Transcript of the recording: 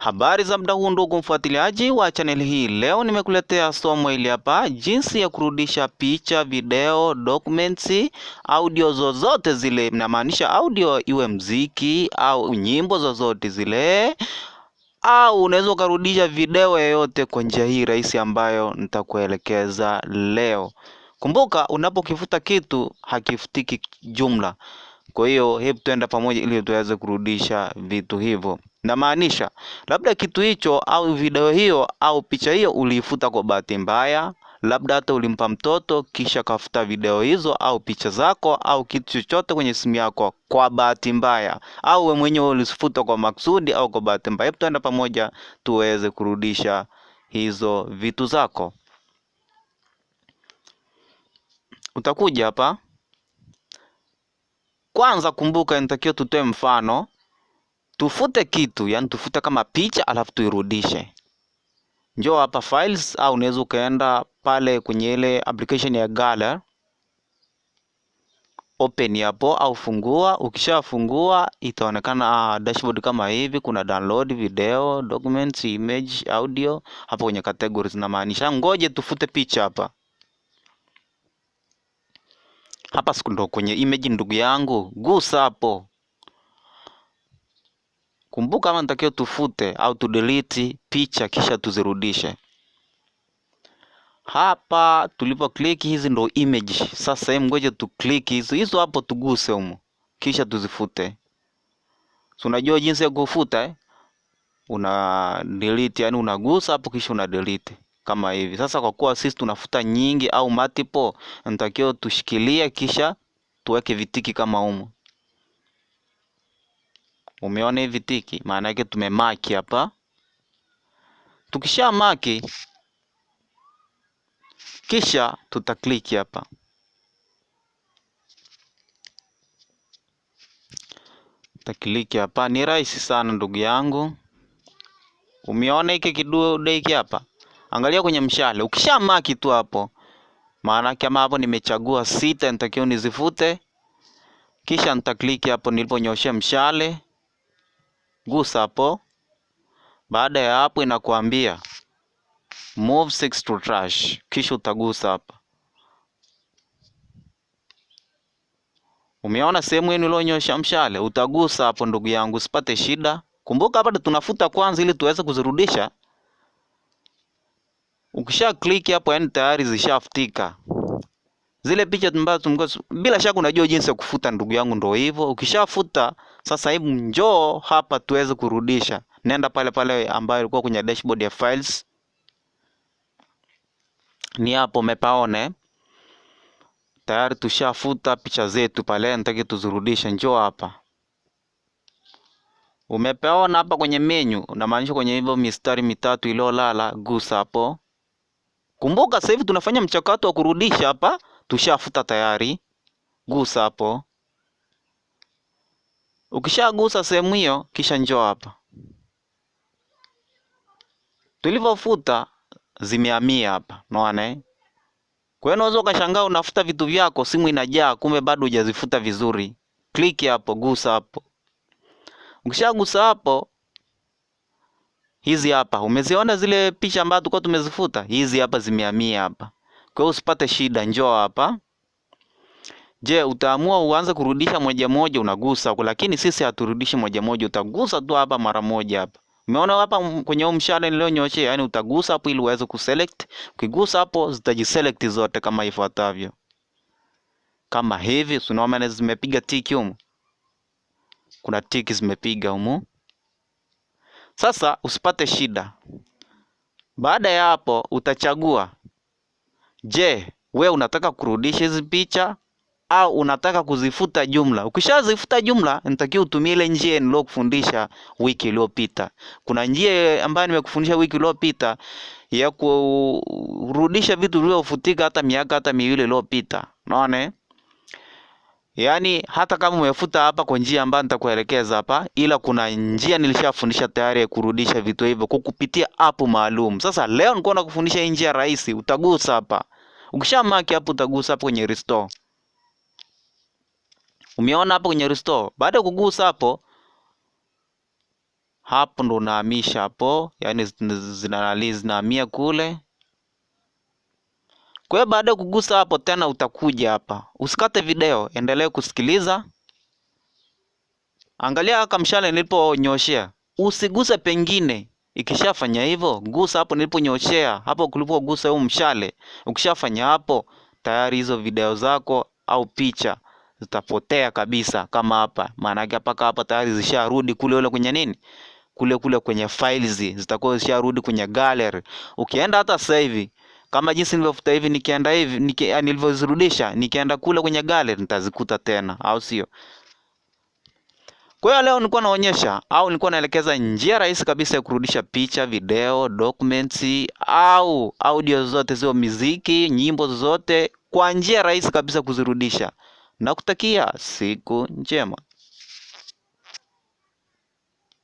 Habari za mda huu, ndugu mfuatiliaji wa chaneli hii, leo nimekuletea somo hili hapa, jinsi ya kurudisha picha, video, documents, audio zozote zile. Namaanisha audio iwe mziki au nyimbo zozote zile, au unaweza ukarudisha video yoyote kwa njia hii rahisi ambayo nitakuelekeza leo. Kumbuka, unapokifuta kitu hakifutiki jumla. Kwa hiyo hebu tuenda pamoja ili tuweze kurudisha vitu hivyo. Namaanisha labda kitu hicho au video hiyo au picha hiyo uliifuta kwa bahati mbaya, labda hata ulimpa mtoto kisha kafuta video hizo au picha zako au kitu chochote kwenye simu yako kwa bahati mbaya, au wewe mwenyewe ulizifuta kwa maksudi au kwa bahati mbaya. Tutaenda pamoja tuweze kurudisha hizo vitu zako. Utakuja hapa kwanza, kumbuka, inatakiwa tutoe mfano tufute kitu, yani tufute kama picha alafu tuirudishe. Njoo hapa files, au unaweza ukaenda pale kwenye ile application ya Gallery, open hapo au fungua. Ukishafungua itaonekana ah, dashboard kama hivi, kuna download video, documents, image, audio. Hapo kwenye categories maanisha ngoje tufute picha hapa hapa ndo kwenye image, ndugu yangu, gusa hapo. Kumbuka ama nitakiwa tufute au tudelete picha kisha tuzirudishe. Hapa tulipo click hizi ndo image. Sasa hebu ngoja tu click hizo hizo hapo, tuguse humo kisha tuzifute. So, unajua jinsi ya kufuta eh? Una delete yani, unagusa hapo kisha una delete kama hivi. Sasa kwa kuwa sisi tunafuta nyingi au multiple, natakiwa tushikilia kisha tuweke vitiki kama humo. Umeona hivi tiki, maana yake tumemaki hapa. Tukisha maki, kisha tutakliki hapa. Takliki hapa, ni rahisi sana ndugu yangu. Umeona hiki kidude hiki hapa, angalia kwenye mshale. Ukisha maki tu hapo, maana yake hapo nimechagua sita, nitakiwa nizifute, kisha nitakliki hapo niliponyoshea mshale gusa hapo. Baada ya hapo inakuambia move six to trash, kisha utagusa hapa. Umeona sehemu yenu ilionyosha mshale, utagusa hapo ndugu yangu, usipate shida. Kumbuka hapa tunafuta kwanza ili tuweze kuzirudisha. Ukisha kliki hapo, yani tayari zishafutika. Zile picha ambazo mko bila shaka unajua jinsi ya kufuta, ndugu yangu, ndio hivyo. Ukishafuta sasa, hebu njoo hapa tuweze kurudisha. Nenda pale pale ambayo ilikuwa kwenye dashboard ya files, ni hapo umepaone. Tayari tushafuta picha zetu pale, nataka tuzirudishe. Njoo hapa, umepeona hapa kwenye menu, unamaanisha kwenye hivyo mistari mitatu iliyolala, gusa hapo. Kumbuka sasa hivi tunafanya mchakato wa kurudisha hapa tushafuta tayari, gusa hapo. Ukishagusa sehemu hiyo, kisha njoo hapa. Tulivyofuta zimehamia hapa, unaona eh? Kwa hiyo unaweza ukashangaa unafuta vitu vyako, simu inajaa, kumbe bado hujazifuta vizuri. Kliki hapo, gusa hapo. Ukishagusa hapo, hizi hapa umeziona zile picha ambazo tulikuwa tumezifuta, hizi hapa zimehamia hapa. Kwa hiyo usipate shida, njoo hapa. Je, utaamua uanze kurudisha moja moja? Unagusa, lakini sisi haturudishi moja moja, utagusa tu hapa mara moja hapa. Umeona hapa kwenye huu mshale nilionyoshea, yani utagusa hapo ili uweze kuselect. Ukigusa hapo zitajiselect zote kama ifuatavyo, kama hivi. Unaona zimepiga tiki humu, kuna tiki zimepiga humu. Sasa usipate shida. Baada ya hapo utachagua Je, we unataka kurudisha hizi picha au unataka kuzifuta jumla? Ukishazifuta jumla, nitakiwa utumie ile njia niliyokufundisha wiki iliyopita. Kuna njia ambayo nimekufundisha wiki iliyopita ya kurudisha vitu vilivyofutika hata miaka hata miwili iliyopita. Unaona? Eh? Yaani hata kama umefuta hapa kwa njia ambayo nitakuelekeza hapa, ila kuna njia nilishafundisha tayari ya kurudisha vitu hivyo kukupitia kupitia app maalum. Sasa leo niko na kufundisha hii njia rahisi, utagusa hapa. Ukisha maki hapo utagusa hapo kwenye restore. Umeona hapo kwenye restore. Baada ya kugusa hapo hapo ndo unahamisha hapo, yaani zinahamia kule. Kwa hiyo baada ya kugusa hapo tena utakuja hapa. Usikate video, endelee kusikiliza. Angalia haka mshale niliponyoshea. Usiguse pengine. Ikishafanya hivyo, gusa hapo niliponyoshea, hapo kulipogusa huo mshale. Ukishafanya hapo, tayari hizo video zako au picha zitapotea kabisa kama hapa. Maana yake mpaka hapa tayari zisharudi kule ule kwenye nini? Kule kule kwenye files zitakuwa zisharudi kwenye gallery. Ukienda hata sasa hivi kama jinsi nilivyofuta hivi nikienda hivi niki, ah, nilivyozirudisha nikienda kule kwenye gale nitazikuta tena, au sio? Kwa hiyo leo nilikuwa naonyesha au nilikuwa naelekeza njia rahisi kabisa ya kurudisha picha, video, documents au audio zote, zio miziki, nyimbo zote, kwa njia rahisi kabisa kuzirudisha. Nakutakia siku njema.